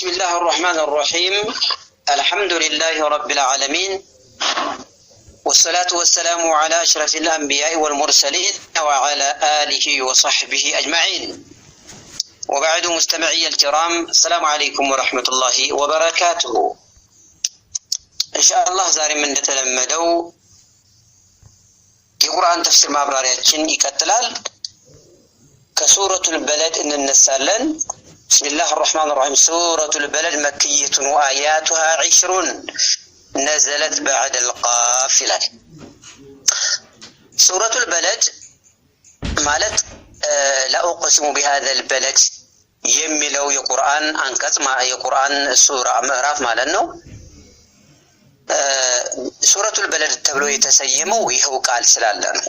بسم الله الرحمن الرحيم الحمد لله رب العالمين والصلاة والسلام على أشرف الأنبياء والمرسلين وعلى آله وصحبه أجمعين وبعد مستمعي الكرام السلام عليكم ورحمة الله وبركاته إن شاء الله زاري من نتلمدو የቁርአን ተፍሲር ማብራሪያችን كسورة البلد إن النسالن بسم الله الرحمن الرحيم سورة البلد مكية وآياتها عشرون نزلت بعد القافلة سورة البلد مالت آه لا أقسم بهذا البلد يمي لو يقرآن أنكت ما يا قرآن سورة مغراف ما لأنه آه، سورة البلد تبلو يتسيمه ويهو قال سلال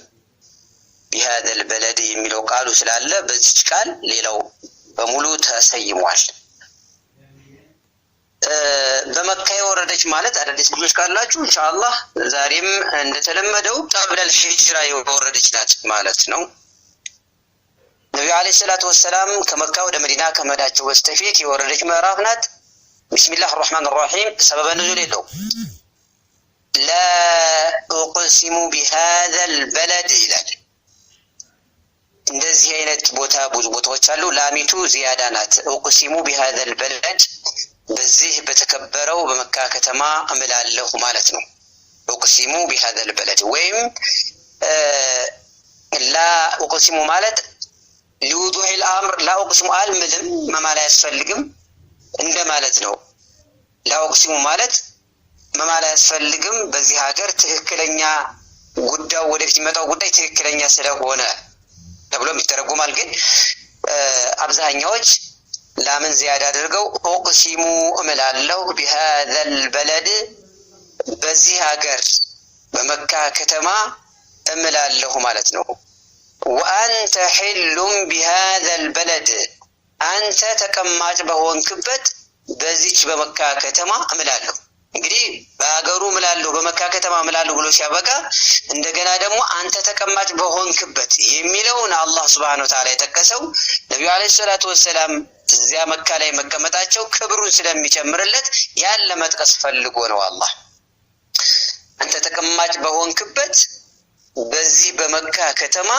بهذا البلد يمي لو قالوا سلال بس قال ليلو በሙሉ ተሰይሟል። በመካ የወረደች ማለት አዳዲስ ልጆች ካላችሁ ኢንሻአላህ ዛሬም እንደተለመደው ቀብለል ሂጅራ የወረደች ናት ማለት ነው። ነቢዩ አለይሂ ሰላቱ ወሰላም ከመካ ወደ መዲና ከመዳቸው በስተፊት የወረደች ምዕራፍ ናት። ቢስሚላህ ራህማን ራሒም ሰበበ ንዙል የለው ላ ኡቅሲሙ ቢሃዘል በለድ ይላል እንደዚህ አይነት ቦታ ብዙ ቦታዎች አሉ። ላሚቱ ዚያዳ ናት። ኡቅሲሙ ቢሃዘል በለድ በዚህ በተከበረው በመካ ከተማ እምላለሁ ማለት ነው። ኡቅሲሙ ቢሃዘል በለድ ወይም ላ ኡቅሲሙ ማለት ሊውዱዕ ልአምር ላ ኡቅሲሙ አልምልም መማል አያስፈልግም እንደ ማለት ነው። ላ ኡቅሲሙ ማለት መማል አያስፈልግም። በዚህ ሀገር ትክክለኛ ጉዳዩ ወደፊት የሚመጣው ጉዳይ ትክክለኛ ስለሆነ ተብሎም ይተረጉማል። ግን አብዛኛዎች ላምን ዚያድ አድርገው ኦቅሲሙ እምላለሁ ቢሃዘል በለድ በዚህ ሀገር በመካ ከተማ እምላለሁ ማለት ነው። ወአንተ ሒሉም ቢሃዘል በለድ አንተ ተቀማጭ በሆንክበት በዚች በመካ ከተማ እምላለሁ። እንግዲህ በሀገሩ ምላለሁ በመካ ከተማ ምላለሁ ብሎ ሲያበቃ እንደገና ደግሞ አንተ ተቀማጭ በሆንክበት የሚለውን አላህ ስብሐነሁ ወተዓላ የጠቀሰው ነቢዩ ዓለይሂ ሰላቱ ወሰላም እዚያ መካ ላይ መቀመጣቸው ክብሩን ስለሚጨምርለት ያን ለመጥቀስ ፈልጎ ነው። አላህ አንተ ተቀማጭ በሆንክበት በዚህ በመካ ከተማ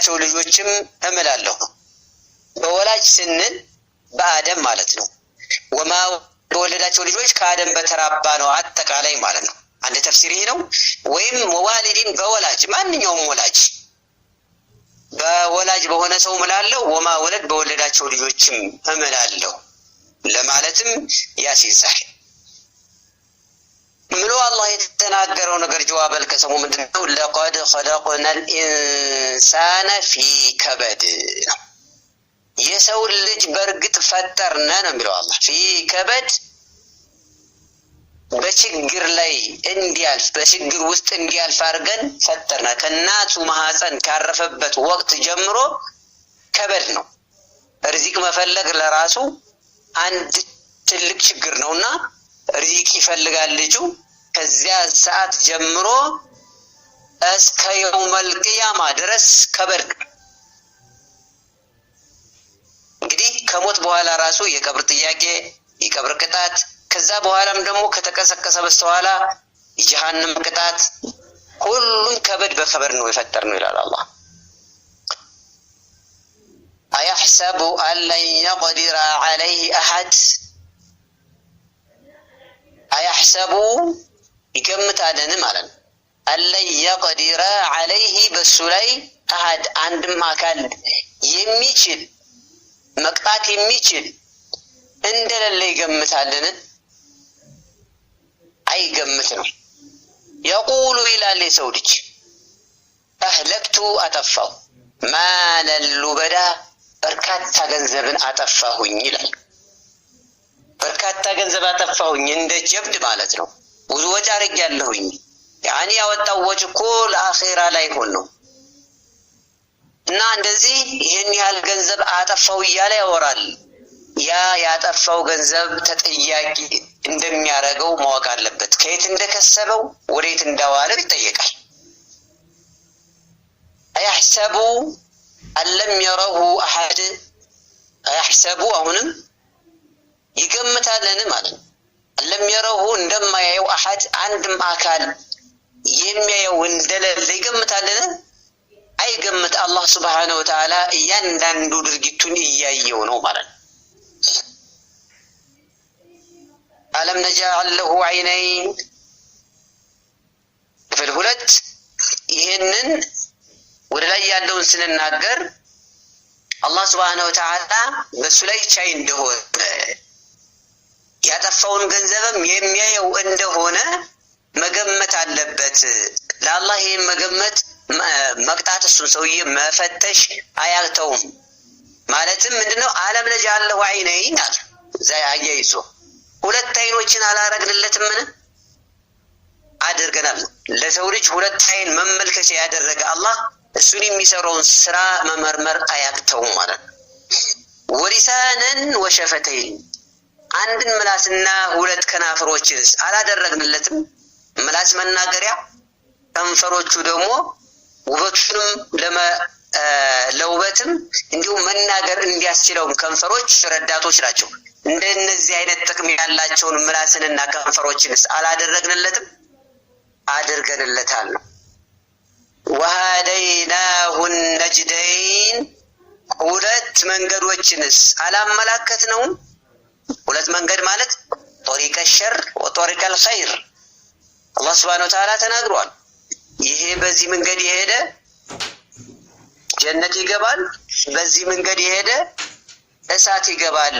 ለሌላቸው ልጆችም እምላለሁ። በወላጅ ስንል በአደም ማለት ነው። ወማ በወለዳቸው ልጆች ከአደም በተራባ ነው አጠቃላይ ማለት ነው። አንድ ተፍሲር ይህ ነው። ወይም ወዋሊዲን በወላጅ ማንኛውም ወላጅ በወላጅ በሆነ ሰው እምላለሁ። ወማ ወለድ በወለዳቸው ልጆችም እምላለሁ ለማለትም ያስይዛል። ብሎ አላህ የተናገረው ነገር ጀዋብ አልቀሰሙ ምንድን ነው? ለቀድ ኸለቅና ልኢንሳነ ፊ ከበድ ነው። የሰው ልጅ በእርግጥ ፈጠርነ ነው የሚለው አላህ። ፊ ከበድ በችግር ላይ እንዲያልፍ በችግር ውስጥ እንዲያልፍ አድርገን ፈጠርነ። ከእናቱ ማህፀን ካረፈበት ወቅት ጀምሮ ከበድ ነው። ርዚቅ መፈለግ ለራሱ አንድ ትልቅ ችግር ነውና ሪዚቅ ይፈልጋል ልጁ። ከዚያ ሰዓት ጀምሮ እስከ የውመል ቅያማ ድረስ ከበርግ እንግዲህ ከሞት በኋላ ራሱ የቀብር ጥያቄ፣ የቀብር ቅጣት ከዛ በኋላም ደግሞ ከተቀሰቀሰ በስተኋላ የጀሃንም ቅጣት ሁሉን ከበድ በከበድ ነው የፈጠር ነው ይላል አላህ። አያሕሰቡ አን ለን የቅዲራ ዓለይህ አሐድ አያሕሰቡ ይገምታልን ማለት ነው። አለን የቀዲረ አለይህ በሱ ላይ አሃድ አንድም አካል የሚችል መቅጣት የሚችል እንደሌለ ይገምታልን? አይገምት ነው። የቁሉ ይላል የሰው ልጅ አህለክቱ አጠፋው ማለሉ በዳ በርካታ ገንዘብን አጠፋሁኝ ይላል። በርካታ ገንዘብ አጠፋሁኝ፣ እንደ ጀብድ ማለት ነው። ብዙ ወጪ አድርጌያለሁኝ። ያኔ ያወጣው ወጪ እኮ ለአኼራ ላይ ሆን ነው እና እንደዚህ ይህን ያህል ገንዘብ አጠፋው እያለ ያወራል። ያ ያጠፋው ገንዘብ ተጠያቂ እንደሚያደርገው ማወቅ አለበት። ከየት እንደከሰበው ወዴት እንዳዋለው ይጠየቃል። አያሕሰቡ አለም የረሁ አሐድ አያሕሰቡ አሁንም ይገምታልን ማለት ነው። ለሚረሁ እንደማያየው አሐድ አንድም አካል የሚያየው እንደሌለ ይገምታልን? አይገምት። አላህ ስብሓነሁ ወተዓላ እያንዳንዱ ድርጊቱን እያየው ነው ማለት ነው። አለም ነጃል ለሁ አይነይን ክፍል ሁለት ይህንን ወደ ላይ ያለውን ስንናገር አላህ ስብሓነሁ ወተዓላ በእሱ ላይ ቻይ እንደሆነ ያጠፋውን ገንዘብም የሚያየው እንደሆነ መገመት አለበት። ለአላህ ይህም መገመት መቅጣት እሱን ሰውዬ መፈተሽ አያልተውም። ማለትም ምንድነው አለም ለጅ አለሁ አይነይን አለ እዛ አያይዞ ሁለት አይኖችን ምን አድርገናል። ለሰው ልጅ ሁለት አይን መመልከቻ ያደረገ አላህ እሱን የሚሰራውን ስራ መመርመር አያቅተውም ማለት ነው። ወሊሳነን ወሸፈተይን አንድን ምላስና ሁለት ከናፈሮችንስ አላደረግንለትም? ምላስ መናገሪያ፣ ከንፈሮቹ ደግሞ ውበቱንም ለውበትም እንዲሁም መናገር እንዲያስችለውም ከንፈሮች ረዳቶች ናቸው። እንደነዚህ አይነት ጥቅም ያላቸውን ምላስንና ከንፈሮችንስ አላደረግንለትም? አድርገንለታል ነው። ነጅደይን ሁለት መንገዶችንስ አላመላከት ነውም? ሁለት መንገድ ማለት ጦሪቀ ሸር ወጦሪቀ ልኸይር አላህ ስብሃነ ወተዓላ ተናግሯል። ይሄ በዚህ መንገድ የሄደ ጀነት ይገባል፣ በዚህ መንገድ የሄደ እሳት ይገባል።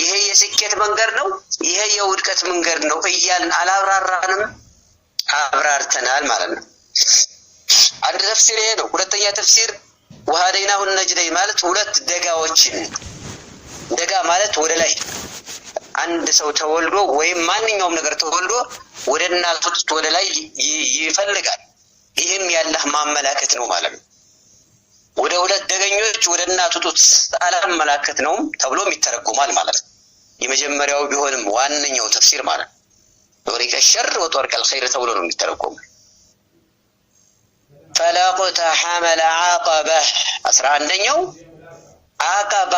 ይሄ የስኬት መንገድ ነው፣ ይሄ የውድቀት መንገድ ነው እያልን አላብራራንም፣ አብራርተናል ማለት ነው። አንድ ተፍሲር ይሄ ነው። ሁለተኛ ተፍሲር ወሀደይናሁ ነጅደይ ማለት ሁለት ደጋዎችን ደጋ ማለት ወደ ላይ አንድ ሰው ተወልዶ ወይም ማንኛውም ነገር ተወልዶ ወደ እናቱ ጡት ወደ ላይ ይፈልጋል። ይህም ያላህ ማመላከት ነው ማለት ነው። ወደ ሁለት ደገኞች ወደ እናቱ ጡት አላመላከት ነውም ተብሎም ይተረጉማል ማለት ነው። የመጀመሪያው ቢሆንም ዋነኛው ተፍሲር ማለት ነው። ወሪቀ ሸር ወጦርቀል ኸይር ተብሎ ነው ፈላቁተ ሐመለ አቀበህ አስራ አንደኛው አቀባ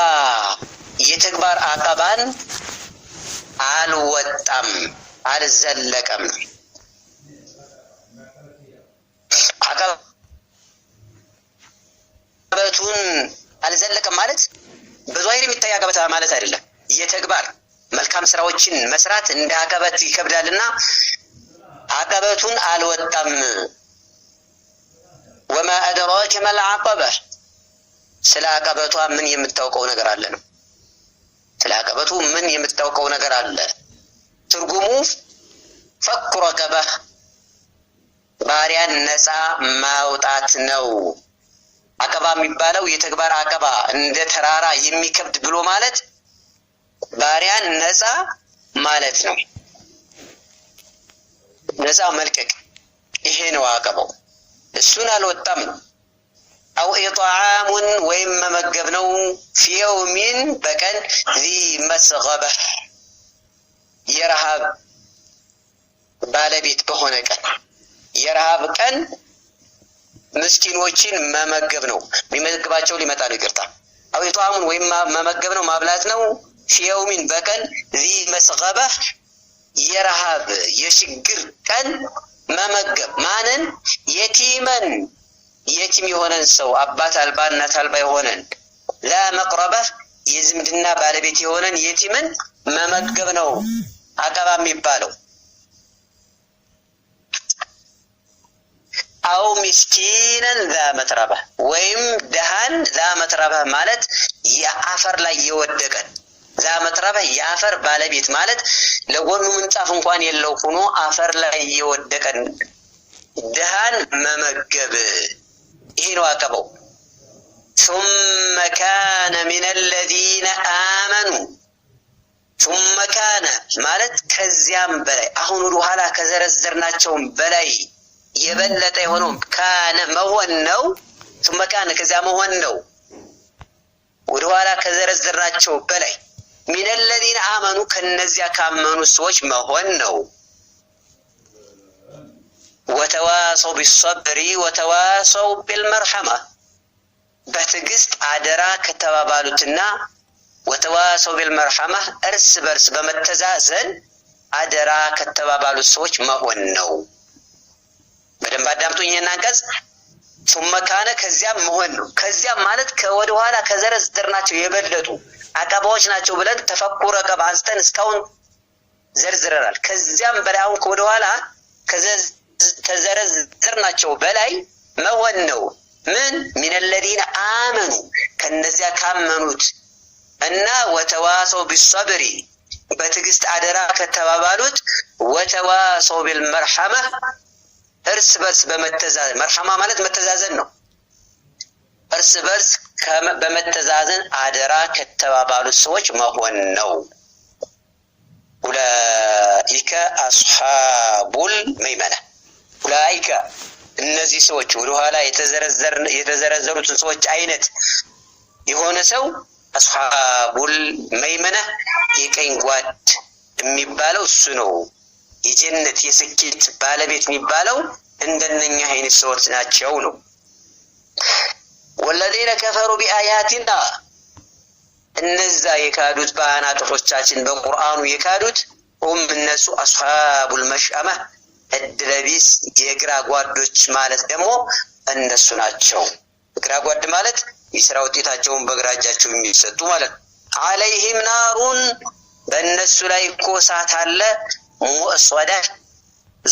የተግባር አቀባን አልወጣም አልዘለቀም። አቀበቱን አልዘለቀም ማለት በዛሂር የሚታይ አቀበት ማለት አይደለም። የተግባር መልካም ስራዎችን መስራት እንደ አቀበት ይከብዳልና አቀበቱን አልወጣም። ወማ አደራከ መል አቀበህ ስለ አቀበቷ ምን የምታውቀው ነገር አለ ነው። ስለ አቀበቱ ምን የምታውቀው ነገር አለ? ትርጉሙ ፈኩ ረከበህ ባሪያን ነፃ ማውጣት ነው። አቀባ የሚባለው የተግባር አቀባ እንደ ተራራ የሚከብድ ብሎ ማለት ባሪያን ነፃ ማለት ነው። ነፃ መልቀቅ፣ ይሄ ነው አቀባው። እሱን አልወጣም ነው አው ኢጣዓሙን ወይም መመገብ ነው። ፊየውሚን በቀን ዚ መስገበ የረሃብ ባለቤት በሆነ ቀን የረሃብ ቀን ምስኪኖችን መመገብ ነው። የሚመግባቸው ሊመጣ ነው። ይቅርታ አው ኢጣዓሙን ወይም መመገብ ነው፣ ማብላት ነው። ፊየውሚን በቀን ዚ መስገበ የረሃብ የችግር ቀን መመገብ ማንን? የቲመን የቲም የሆነን ሰው አባት አልባ እናት አልባ የሆነን ለመቅረበ የዝምድና ባለቤት የሆነን የቲምን መመገብ ነው አቀባ የሚባለው። አው ምስኪንን ዛ መትረበህ ወይም ድሃን ዛ መትረበህ ማለት የአፈር ላይ የወደቀን ዛ መትረበህ የአፈር ባለቤት ማለት ለጎኑ ምንጣፍ እንኳን የለው ሆኖ አፈር ላይ የወደቀን ድሃን መመገብ ይሄ ነው አቀባው። ሱመ ካነ ሚነ ለዚነ አመኑ ሱመ ካነ ማለት ከዚያም በላይ አሁን ወደ ኋላ ከዘረዘርናቸውም በላይ የበለጠ የሆነው ካነ መሆን ነው። ሱመ ካነ ከዚያ መሆን ነው። ወደ ኋላ ከዘረዘርናቸው በላይ ሚነ ለዚነ አመኑ ከነዚያ ካመኑ ሰዎች መሆን ነው። ወተዋ ወተዋሰው ቢሰብሪ ወተዋሰው ቢልመርሐማ በትዕግስት አደራ ከተባባሉትና ወተዋሰው ቢልመርሐማ እርስ በርስ በመተዛዘን አደራ ከተባባሉት ሰዎች መሆን ነው። በደንብ አዳምጡኝ። ይህን አንቀጽ ሱመ ካነ ከዚያም መሆን ነው። ከዚያም ማለት ከወደኋላ ከዘረዘርናቸው የበለጡ አቀባዎች ናቸው ብለን ተፈኩር አቀባ አንስተን እስካሁን ዘርዝረናል። ከዚያም በላይ አሁን ከወደኋላ ከዘረዘርናቸው በላይ መሆን ነው። ምን ሚነለዚነ አመኑ ከነዚያ ካመኑት እና ወተዋሰው ቢሰብሪ በትዕግስት አደራ ከተባባሉት ወተዋሰው ቢልመርሐማ እርስ በርስ በመተዛዘን መርሐማ ማለት መተዛዘን ነው። እርስ በርስ በመተዛዘን አደራ ከተባባሉት ሰዎች መሆን ነው። ኡላኢከ አስሓቡል መይመና ኡላይከ እነዚህ ሰዎች ወደኋላ የተዘረዘሩትን ሰዎች አይነት የሆነ ሰው አስሓቡል መይመነ የቀኝ ጓድ የሚባለው እሱ ነው። የጀነት የስኬት ባለቤት የሚባለው እንደነኛ አይነት ሰዎች ናቸው ነው። ወለዚነ ከፈሩ ቢአያቲና እነዛ የካዱት በአናጥፎቻችን በቁርአኑ የካዱት ሁም እነሱ አስሓቡል መሽአማ እድለቢስ የግራ ጓዶች ማለት ደግሞ እነሱ ናቸው። ግራ ጓድ ማለት የስራ ውጤታቸውን በግራ እጃቸው የሚሰጡ ማለት ነው። አለይህም ናሩን በእነሱ ላይ እኮ እሳት አለ። ሙእሶዳ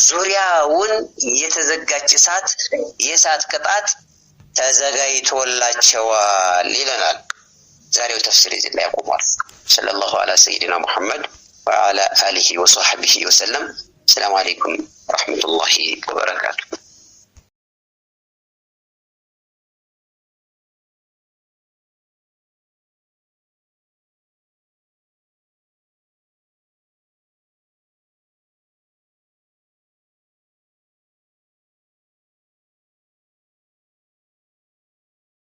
ዙሪያውን የተዘጋች እሳት የእሳት ቅጣት ተዘጋጅቶላቸዋል ይለናል። ዛሬው ተፍሲር እዚህ ላይ ያቆማል። ሰለላሁ አላ ሰይድና ሙሐመድ ወአላ አሊሂ ወሰሐቢሂ ወሰለም። ሰላሙ አለይኩም ورحمة الله وبركاته